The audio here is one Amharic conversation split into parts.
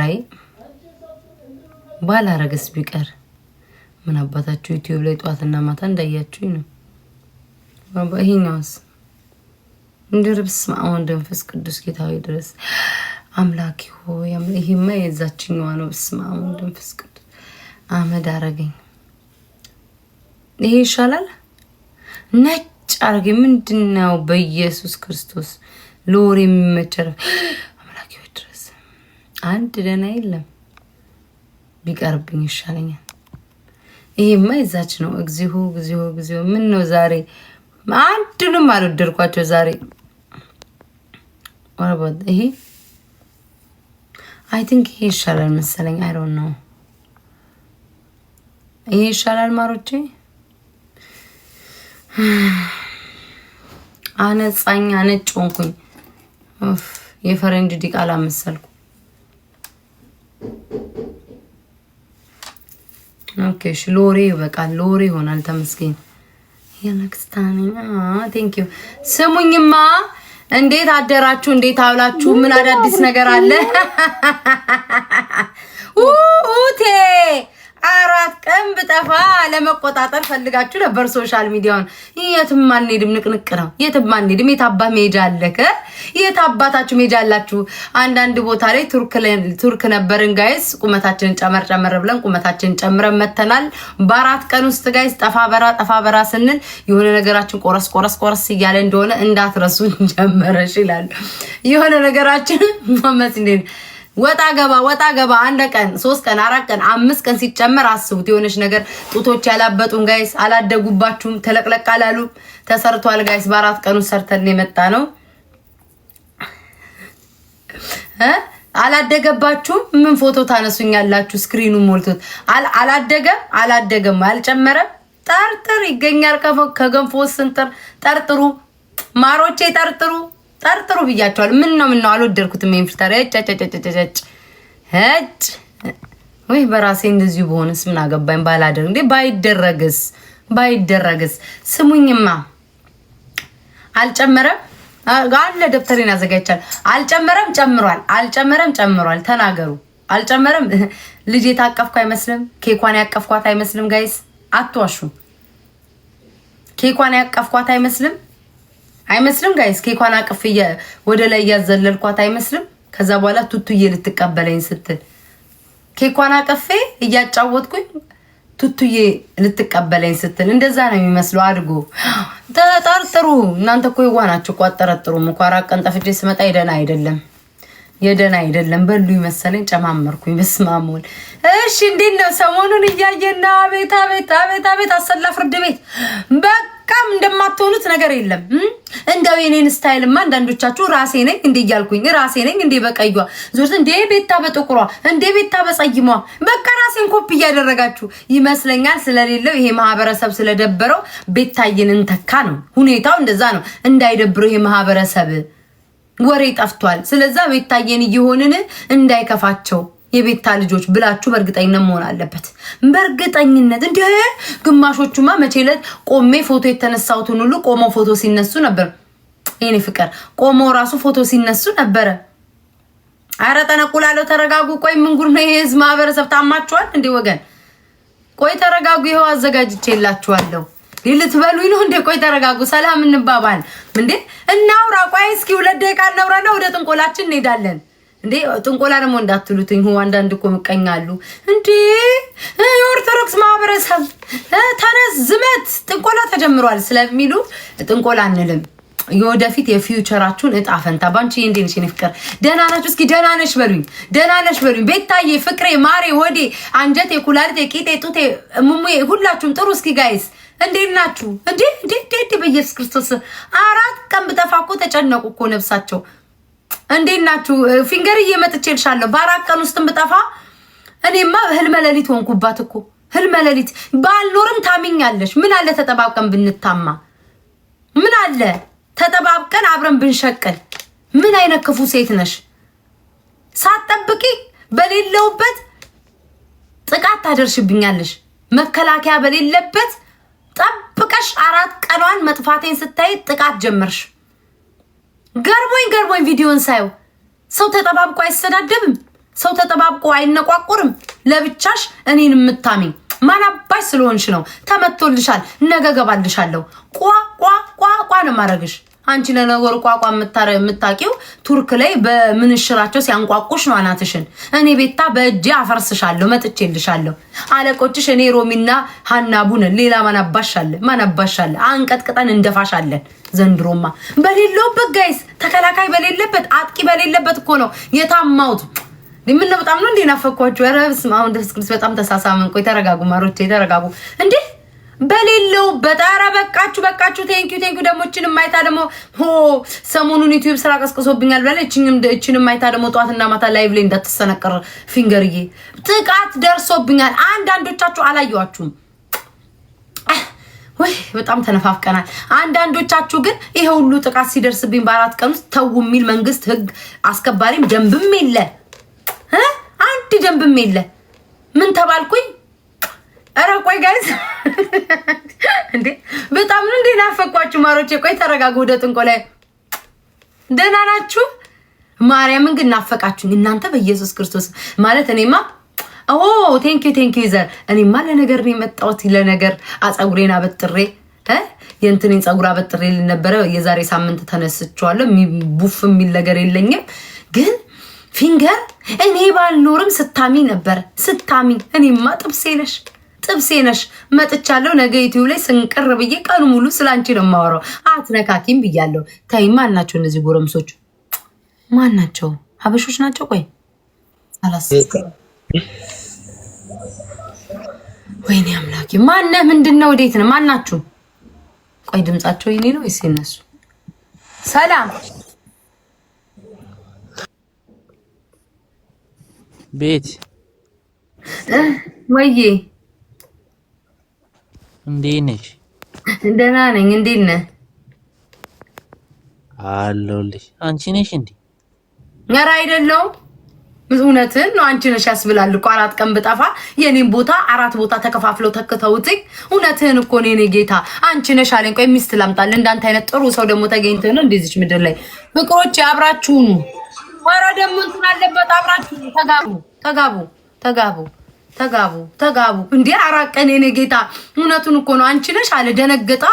ራይ ባላረገስ ቢቀር ምን አባታችሁ ዩቲዩብ ላይ ጠዋትና ማታ እንዳያችሁኝ ነው። ይሄኛውስ እንድርብስ አሁን መንፈስ ቅዱስ ጌታዊ ድረስ አምላኪ ሆይ ይሄማ የዛችኛዋ ነው። ብስማ አሁን መንፈስ ቅዱስ አመድ አረገኝ። ይሄ ይሻላል። ነጭ አረገኝ። ምንድነው? በኢየሱስ ክርስቶስ ሎር የሚመቸረፍ አንድ ደህና የለም። ቢቀርብኝ ይሻለኛል። ይሄማ የዛች ነው። እግዚሁ እግዚሁ እግዚሁ ምን ነው ዛሬ አንድንም አልወደድኳቸው ዛሬ። ይሄ አይ ቲንክ ይሄ ይሻላል መሰለኝ። አይ ዶንት ኖ ይሄ ይሻላል ማሮቼ። አነጻኝ አነጭ ሆንኩኝ። የፈረንጅ ዲቃላ መሰልኩ። እባክሽ ሎሬ በቃ ሎሬ ይሆናል። ተመስገን የነክስታኒ ቴንክ ዩ። ስሙኝማ፣ እንዴት አደራችሁ? እንዴት አውላችሁ? ምን አዳዲስ ነገር አለ? እምብ ጠፋ ለመቆጣጠር ፈልጋችሁ ነበር ሶሻል ሚዲያውን። የትም አንሄድም፣ ንቅንቅ ነው። የትም አንሄድም። የት አባት መሄጃ አለከ? የት አባታችሁ መሄጃ አላችሁ? አንዳንድ ቦታ ላይ ቱርክ ነበርን ጋይስ። ቁመታችንን ጨመር ጨመር ብለን ቁመታችንን ጨምረን መተናል። በአራት ቀን ውስጥ ጋይስ ጠፋ በራ ጠፋ በራ ስንል የሆነ ነገራችን ቆረስ ቆረስ ቆረስ እያለ እንደሆነ እንዳትረሱ ጀመረሽ ይላሉ የሆነ ነገራችን መመስ ወጣ ገባ ወጣ ገባ አንድ ቀን ሶስት ቀን አራት ቀን አምስት ቀን ሲጨመር አስቡት። የሆነች ነገር ጡቶች ያላበጡን ጋይስ አላደጉባችሁም፣ ተለቅለቅ አላሉ። ተሰርቷል ጋይስ፣ በአራት ቀኑ ሰርተን የመጣ ነው። አላደገባችሁም። ምን ፎቶ ታነሱኛላችሁ? ስክሪኑ ሞልቶት አላደገም፣ አላደገም፣ አልጨመረም። ጠርጥር ይገኛል ከገንፎ ስንጥር ጠርጥሩ፣ ማሮቼ ጠርጥሩ። ጠርጥሩ ብያቸዋል። ምን ነው ምን ነው አልወደድኩትም። ይሄን ፍርታሪ ጨጨጨጨጨጭ እጭ ወይ በራሴ እንደዚሁ በሆንስ ምን አገባኝ ባላደር እንዴ ባይደረግስ ባይደረግስ። ስሙኝማ አልጨመረም አለ ደብተሬን ያዘጋጃል። አልጨመረም ጨምሯል፣ አልጨመረም ጨምሯል። ተናገሩ። አልጨመረም ልጅ የታቀፍኩ አይመስልም። ኬኳን ያቀፍኳት አይመስልም። ጋይስ አትዋሹ። ኬኳን ያቀፍኳት አይመስልም። አይመስልም ጋይስ? ኬኳን አቅፍ ወደ ላይ እያዘለልኳት አይመስልም? ከዛ በኋላ ቱቱዬ ልትቀበለኝ ስትል ኬኳን አቅፌ እያጫወትኩኝ ቱቱዬ ልትቀበለኝ ስትል እንደዛ ነው የሚመስለው። አድጎ ተጠርጥሩ እናንተ እኮ ይዋ ናቸው እኮ አጠረጥሩም እኮ አራት ቀን ጠፍቼ ስመጣ የደህና አይደለም የደህና አይደለም በሉ ይመሰለኝ ጨማመርኩኝ። በስማሙል እሺ፣ እንዴት ነው ሰሞኑን እያየና አቤት አቤት አቤት አቤት አሰላ ፍርድ ቤት በቃ መልካም እንደማትሆኑት ነገር የለም። እንደው የኔን ስታይልማ አንዳንዶቻችሁ ራሴ ነኝ እንዴ እያልኩኝ ራሴ ነኝ እንዴ በቀዩ ዞርት እንዴ ቤታ በጥቁሯ እንዴ ቤታ በጸይሟ በቃ ራሴን ኮፕ እያደረጋችሁ ይመስለኛል። ስለሌለው ይሄ ማህበረሰብ ስለደበረው ቤታዬን እንተካ ነው ሁኔታው። እንደዛ ነው እንዳይደብረው ይሄ ማህበረሰብ ወሬ ጠፍቷል። ስለዛ ቤታዬን እየሆንን እንዳይከፋቸው የቤታ ልጆች ብላችሁ በእርግጠኝነት መሆን አለበት። በእርግጠኝነት እንደ ግማሾቹማ መቼ ዕለት ቆሜ ፎቶ የተነሳሁትን ሁሉ ቆመው ፎቶ ሲነሱ ነበር። ይኔ ፍቅር ቆመው ራሱ ፎቶ ሲነሱ ነበረ። አረ ጠነቁላለው፣ ተረጋጉ። ቆይ ምን ጉድ ነው የህዝብ ማህበረሰብ? ታማችኋል እንዴ ወገን? ቆይ ተረጋጉ። ይኸው አዘጋጅቼላችኋለሁ። ሊልት ነው እንዴ? ቆይ ተረጋጉ፣ ሰላም እንባባል እንዴ። እናውራ። ቆይ እስኪ ሁለት ደቂቃ እናውራና ወደ ጥንቆላችን እንሄዳለን። እንዴ ጥንቆላ ደግሞ እንዳትሉትኝ። ሁ አንዳንድ እኮ ምቀኛሉ አሉ። እንዴ የኦርቶዶክስ ማህበረሰብ ተነስ፣ ዝመት፣ ጥንቆላ ተጀምሯል ስለሚሉ ጥንቆላ አንልም። የወደፊት የፊውቸራችሁን እጣ ፈንታ ባንቺ እንዴት ነሽ? እኔ ፍቅር ደህና ናችሁ? እስኪ ደህና ነሽ በሉኝ፣ ደህና ነሽ በሉኝ። ቤታዬ፣ ፍቅሬ፣ ማሬ፣ ወዴ፣ አንጀቴ፣ ኩላሊቴ፣ ቂጤ፣ ጡቴ፣ ሙሙ፣ ሁላችሁም ጥሩ። እስኪ ጋይስ እንዴት ናችሁ? እንዴ እንዴ እንዴ! በኢየሱስ ክርስቶስ አራት ቀን ብጠፋ እኮ ተጨነቁ እኮ ነብሳቸው እንዴት ናችሁ? ፊንገር እየመጥቼ ልሻለሁ። በአራት ቀን ውስጥም ብጠፋ እኔማ ህልመ ሌሊት ሆንኩባት እኮ ህልመ ሌሊት ባልኖርም ታሚኛለሽ። ምን አለ ተጠባብቀን ብንታማ? ምን አለ ተጠባብቀን አብረን ብንሸቅል? ምን አይነት ክፉ ሴት ነሽ? ሳትጠብቂ በሌለውበት ጥቃት ታደርሽብኛለሽ። መከላከያ በሌለበት ጠብቀሽ አራት ቀኗን መጥፋቴን ስታይ ጥቃት ጀመርሽ። ገርሞኝ ገርሞኝ ቪዲዮን ሳየው ሰው ተጠባብቆ አይሰዳደብም፣ ሰው ተጠባብቆ አይነቋቁርም። ለብቻሽ እኔን የምታሚኝ ማን አባሽ ስለሆንሽ ነው። ተመቶልሻል፣ ነገ ገባልሻለሁ። ቋ ቋ ቋ ቋ ነው ማረግሽ አንቺ ለነገሩ ቋቋ የምታውቂው ቱርክ ላይ በምንሽራቸው ሲያንቋቁሽ ነው አናትሽን። እኔ ቤታ በእጄ አፈርስሻለሁ፣ መጥቼልሻለሁ። አለቆችሽ እኔ ሮሚና ሀናቡ ነን። ሌላ ማናባሻለ ማናባሻለ አንቀጥቅጠን እንደፋሻለን። ዘንድሮማ በሌለውበት ጋይስ፣ ተከላካይ በሌለበት አጥቂ በሌለበት እኮ ነው የታማውት። ምን በጣም ነው እንዴ ናፈኳችሁ? ኧረ በስመ አብ በጣም ተሳሳምን። ቆይ ተረጋጉ ማሮቼ፣ ተረጋጉ እንዴ በሌለው በጣራ በቃችሁ በቃችሁ። ቴንኪዩ ቴንኪዩ። ደግሞ እችን ማይታ ደግሞ ሆ ሰሞኑን ዩቲዩብ ስራ ቀስቅሶብኛል በለ እችን ማይታ ደግሞ ጠዋትና ማታ ላይቭ ላይ እንዳትሰነቀር ፊንገርዬ፣ ጥቃት ደርሶብኛል። አንዳንዶቻችሁ አላየዋችሁም ወይ? በጣም ተነፋፍቀናል። አንዳንዶቻችሁ ግን ይሄ ሁሉ ጥቃት ሲደርስብኝ በአራት ቀን ውስጥ ተው የሚል መንግስት ህግ አስከባሪም ደንብም የለ አንድ ደንብም የለ ምን ተባልኩኝ? ኧረ ቆይ ጋይዝ እንዴ በጣም ነው እንዴ ናፈቋችሁ ማሮቼ። ቆይ ተረጋጉ። ወደ ጥንቆ ላይ ደህና ናችሁ? ማርያምን ግን ናፈቃችሁኝ እናንተ በኢየሱስ ክርስቶስ ማለት እኔማ ኦ ቴንኪ ቴንኪ ይዘር እኔማ ለነገር ነው የመጣሁት ለነገር አፀጉሬን አበጥሬ የእንትኔን ፀጉር አበጥሬ ነበረ። የዛሬ ሳምንት ተነስቼዋለሁ። ቡፍ የሚል ነገር የለኝም ግን ፊንገር እኔ ባልኖርም ስታሚ ነበር ስታሚ እኔማ ጥብሴ ነሽ ጥብሴ ነሽ። መጥቻለሁ። ነገ ዩቲዩብ ላይ ስንቅር ብዬ ቀኑ ሙሉ ስለ አንቺ ነው የማወራው። አትነካኪም ብያለሁ። ተይ፣ ማን ናቸው እነዚህ ጎረምሶች? ማን ናቸው? ሀበሾች ናቸው? ቆይ አላስ ወይኔ አምላኬ፣ ማነ ምንድን ነው? ወዴት ነው? ማን ናችሁ? ቆይ ድምጻቸው ይኔ ነው ወይስ እነሱ? ሰላም ቤት ወይዬ እንዴት ነሽ? ደህና ነኝ። እንዴት ነህ? አለሁልሽ። አንቺ ነሽ እንዴ? ኧረ አይደለሁም። እውነትን ነው። አንቺ ነሽ ያስብላል እኮ አራት ቀን ብጠፋ የኔን ቦታ አራት ቦታ ተከፋፍለው ተክተውትኝ። እውነትህን እኮ ነው የኔ ጌታ፣ አንቺ ነሽ አለኝ። ቆይ ሚስት ላምጣልህ። እንዳንተ አይነት ጥሩ ሰው ደግሞ ተገኝተ ነው እንደዚች ምድር ላይ። ፍቅሮች አብራችሁኑ። ኧረ ደግሞ እንትን አለበት። አብራችሁ ተጋቡ፣ ተጋቡ፣ ተጋቡ። ተጋቡ ተጋቡ። እንዴ አራት ቀን የኔ ጌታ፣ እውነቱን እኮ ነው። አንቺ ነሽ አለ። ደነገጣ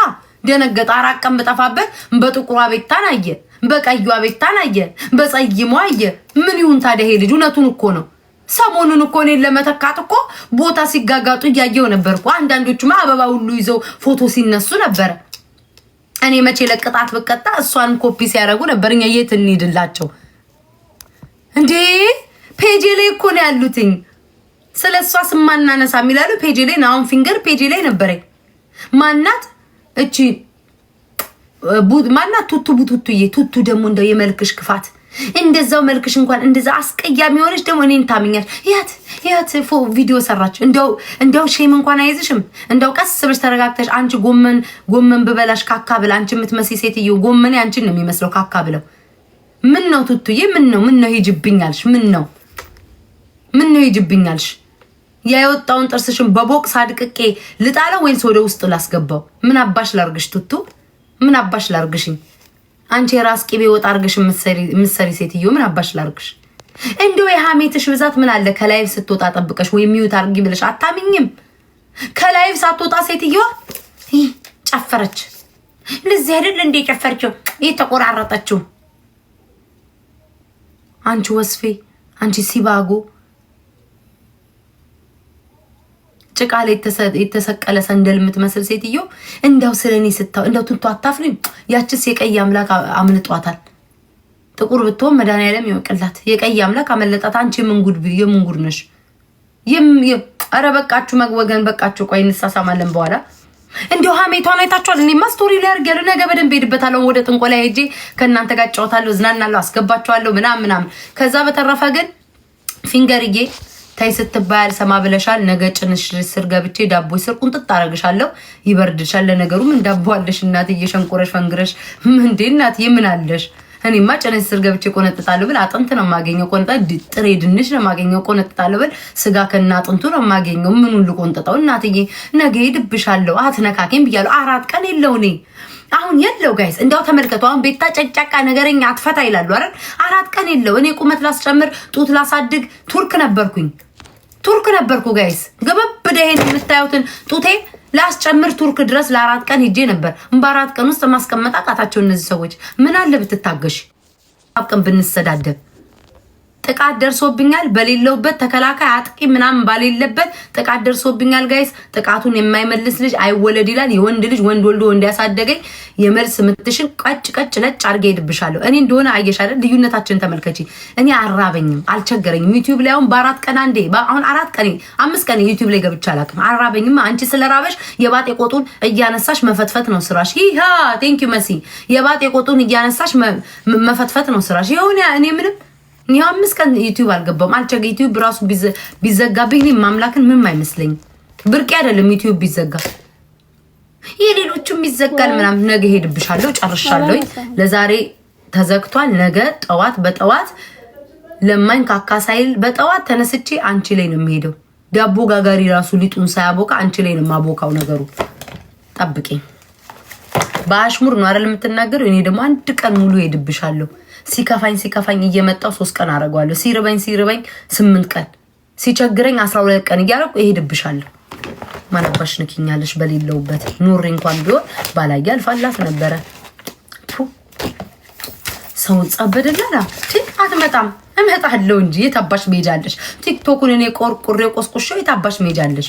ደነገጣ። አራት ቀን በጠፋበት በጥቁሯ ቤታን አየ፣ በቀዩ ቤታን አየ፣ በፀይሟ አየ። ምን ይሁን ታዲያ ይሄ ልጅ? እውነቱን እኮ ነው። ሰሞኑን እኮ እኔን ለመተካት እኮ ቦታ ሲጋጋጡ እያየው ነበር እኮ። አንዳንዶቹማ አበባ ሁሉ ይዘው ፎቶ ሲነሱ ነበረ። እኔ መቼ ለቅጣት በቀጣ እሷን ኮፒ ሲያደርጉ ነበር። እኛ የት እንሂድላቸው እንዴ? ፔጄ ላይ እኮ ነው ያሉትኝ ስለ እሷ ስማናነሳ የሚላሉ ፔጅ ላይ ናሁን ፊንገር ፔጅ ላይ ነበረኝ። ማናት እቺ ማናት? ቱቱ ቡቱቱዬ ቱቱ ደግሞ እንደው የመልክሽ ክፋት እንደዛው መልክሽ እንኳን እንደዛ አስቀያሚ የሆነች ደግሞ እኔን ታምኛች። ያት ያት ፎ ቪዲዮ ሰራች። እንደው እንደው ሼም እንኳን አይዝሽም። እንደው ቀስ ብለሽ ተረጋግተሽ አንቺ ጎመን ጎመን ብበላሽ ካካ ብለ አንቺ የምትመስይ ሴትዮ ጎመን አንቺን ነው የሚመስለው ካካ ብለው። ምን ነው ቱቱዬ፣ ምን ነው ምን ነው ሂጅብኛልሽ? ምን ነው ምን ነው ሂጅብኛልሽ? የወጣውን ጥርስሽን በቦቅስ አድቅቄ ልጣለው ወይንስ ወደ ውስጥ ላስገባው? ምን አባሽ ላርግሽ? ቱቱ ምን አባሽ ላርግሽኝ? አንቺ የራስ ቂቤ ወጥ አርግሽ ምሰሪ ሴትዮ፣ ምን አባሽ ላርግሽ? እንዲሁ የሀሜትሽ ብዛት ምን አለ ከላይቭ ስትወጣ ጠብቀሽ ወይም ሚዩት አርጊ ብለሽ አታምኝም? ከላይቭ ሳትወጣ ሴትዮ ጨፈረች። ለዚህ አይደል እንዴ ጨፈርችው የተቆራረጠችው? አንቺ ወስፌ፣ አንቺ ሲባጎ ጭቃ ላይ የተሰቀለ ሰንደል የምትመስል ሴትዮ እንዳው ስለኔ ስታ እንዳው ትንቶ አታፍሪም? ያችስ የቀይ አምላክ አምልጧታል። ጥቁር ብትሆን መድኃኒዓለም ይወቅላት። የቀይ አምላክ አመለጣት። አንቺ የምንጉድ የምንጉድ ነሽ። ኧረ በቃችሁ መወገን በቃችሁ። ቆይ እንሳሳማለን በኋላ እንዲሁ ሀሜቷን አይታችኋል። እኔማ ማስቶሪ ሊያርግ ያሉ ነገ በደንብ ሄድበታለሁ። ወደ ጥንቆላ ሄጄ ከእናንተ ጋር እጫወታለሁ፣ እዝናናለሁ፣ አስገባችኋለሁ ምናምን ምናምን። ከዛ በተረፈ ግን ፊንገርዬ ተይ ስትባይ አልሰማ ብለሻል። ነገ ጭንሽ ስር ገብቼ ዳቦ ስር ቁንጥጥ አረግሻለሁ፣ ይበርድሻል። ለነገሩ ምን ዳቦ አለሽ እናት፣ እየሸንቆረሽ ፈንግረሽ ምንዴ እናት ምን አለሽ? እኔማ ጭንሽ ስር ገብቼ ቆነጥጣለሁ ብል አጥንት ነው የማገኘው፣ ቆንጠ ጥሬ ድንሽ ነው የማገኘው። ቆነጥጣለሁ ብል ስጋ ከና አጥንቱ ነው የማገኘው። ምኑን ልቆንጥጠው እናትዬ? ነገ ሄድብሻለሁ፣ አትነካኬም ብያለሁ። አራት ቀን የለው እኔ አሁን የለው ጋይስ፣ እንዲያው ተመልከቱ። አሁን ቤታ ጨጫቃ ነገረኛ አትፈታ ይላሉ አይደል? አራት ቀን የለው። እኔ ቁመት ላስጨምር ጡት ላሳድግ ቱርክ ነበርኩኝ። ቱርክ ነበርኩ ጋይስ ገበብ ደሄን የምታዩትን ጡቴ ላስጨምር ቱርክ ድረስ ለአራት ቀን ሄጄ ነበር። በአራት ቀን ውስጥ ማስቀመጥ አቃታቸው እነዚህ ሰዎች። ምን አለ ብትታገሽ፣ ቀን ብንሰዳደብ ጥቃት ደርሶብኛል፣ በሌለውበት ተከላካይ አጥቂ ምናምን ባሌለበት ጥቃት ደርሶብኛል። ጋይስ ጥቃቱን የማይመልስ ልጅ አይወለድ ይላል። የወንድ ልጅ ወንድ ወልዶ እንዲያሳደገኝ የመልስ ምትሽን ቀጭ ቀጭ ነጭ አድርጌ ሄድብሻለሁ። እኔ እንደሆነ አየሻለ። ልዩነታችን ተመልከች። እኔ አራበኝም፣ አልቸገረኝም። ዩቲዩብ ላይ አሁን በአራት ቀን አንዴ አሁን አራት ቀን አምስት ቀን ዩቲዩብ ላይ ገብቻ አላቅም። አራበኝም። አንቺ ስለራበሽ የባጤ ቆጡን እያነሳሽ መፈትፈት ነው ስራሽ። ይሃ ቴንኪዩ መሲ። የባጤ ቆጡን እያነሳሽ መፈትፈት ነው ስራሽ። የሆነ እኔ ምንም ይህ አምስት ቀን ዩቲዩብ አልገባም አልቸገ ዩቲዩብ ራሱ ቢዘጋብኝ ማምላክን ምንም አይመስለኝ። ብርቅ አይደለም ዩቲዩብ ቢዘጋ የሌሎቹም ይዘጋል ምናምን። ነገ ሄድብሻለሁ ጨርሻለሁ። ለዛሬ ተዘግቷል። ነገ ጠዋት በጠዋት ለማኝ ካካ ሳይል በጠዋት ተነስቼ አንቺ ላይ ነው የሚሄደው። ዳቦ ጋጋሪ ራሱ ሊጡን ሳያቦካ አንቺ ላይ ነው ማቦካው። ነገሩ ጠብቄ በአሽሙር ነው አይደል የምትናገረው። እኔ ደግሞ አንድ ቀን ሙሉ ሄድብሻለሁ ሲከፋኝ ሲከፋኝ እየመጣው ሶስት ቀን አደርገዋለሁ። ሲርበኝ ሲርበኝ ስምንት ቀን ሲቸግረኝ አስራ ሁለት ቀን እያደረኩ እሄድብሻለሁ። ማናባሽ ንክኛለሽ በሌለውበት ኑሪ እንኳን ቢሆን ባላየ አልፋላት ነበረ። ሰውን ጸበደላላ አትመጣም። እመጣለሁ እንጂ የታባሽ መሄጃለሽ? ቲክቶኩን እኔ ቆርቁሬ ቆስቁሻው የታባሽ መሄጃለሽ?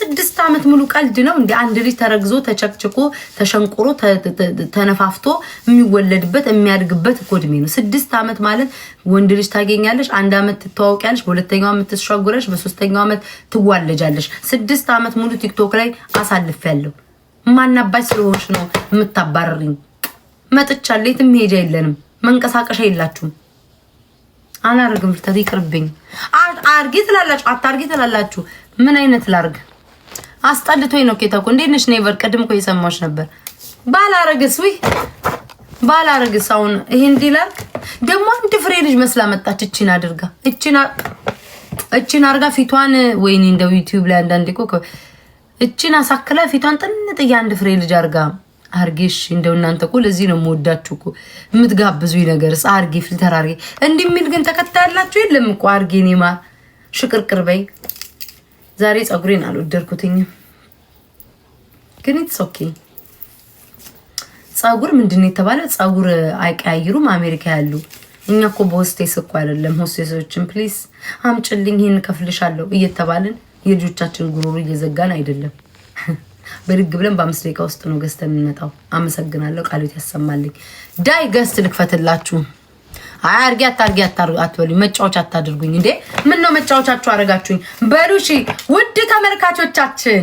ስድስት ዓመት ሙሉ ቀልድ ነው እንደ አንድ ልጅ ተረግዞ ተቸክችኮ ተሸንቆሮ ተነፋፍቶ የሚወለድበት የሚያድግበት እኮ እድሜ ነው። ስድስት ዓመት ማለት ወንድ ልጅ ታገኛለሽ፣ አንድ ዓመት ትተዋወቂያለሽ፣ በሁለተኛው ዓመት ትሻጉረሽ፣ በሶስተኛው ዓመት ትዋለጃለሽ። ስድስት ዓመት ሙሉ ቲክቶክ ላይ ያለው ማናባች ስለሆንሽ ነው የምታባረርኝ። መጥቻለሁ። የትም መሄጃ የለንም። መንቀሳቀሻ የላችሁም። አላርግም። ይቅርብኝ። አርጊ ትላላችሁ፣ አታርጊ ትላላችሁ። ምን አይነት ላርግ? አስጠልቶኝ ነው። ኬታ እኮ እንዴት ነሽ? ኔቨር ቅድም እኮ እየሰማሁሽ ነበር። ባላረግስ ወይ ባላረግስ። አሁን ይሄ እንዲላል ደግሞ አንድ ፍሬ ልጅ መስላ መጣች። እቺን አድርጋ እቺን እቺን አድርጋ ፊቷን ወይኔ እንደው ዩቲዩብ ላይ አንዳንዴ እኮ እቺን አሳክለ ፊቷን ጥንጥ አንድ ፍሬ ልጅ አድርጋ አርጌሽ እንደው እናንተ እኮ ለዚህ ነው የምወዳችሁ እኮ የምትጋብዙኝ ነገር ጻ አርጌ ፊልተር አርጌ እንዲህ የሚል ግን ተከታይ ያላችሁ የለም እኮ አርጌ ኔማ ሽቅርቅር በይ ዛሬ ፀጉሬን አልወደድኩትኝም፣ ግን ኢትስ ኦኬ። ፀጉር ምንድን ነው የተባለ ፀጉር አይቀያይሩም አሜሪካ ያሉ። እኛ እኮ በሆስቴስ እኮ አይደለም ሆስቴሶችን ፕሊስ አምጭልኝ ይህን ከፍልሻለሁ እየተባልን የልጆቻችን ጉሮሮ እየዘጋን አይደለም። ብድግ ብለን በአምስት ደቂቃ ውስጥ ነው ገዝተን የምንመጣው። አመሰግናለሁ። ቃሉት ያሰማልኝ። ዳይ ገስት ልክፈትላችሁ። አርጌ አታርጌ አትበሉኝ፣ መጫወቻ አታድርጉኝ። እንዴ ምን ነው መጫወቻችሁ አረጋችሁኝ? በሉ እሺ ውድ ተመልካቾቻችን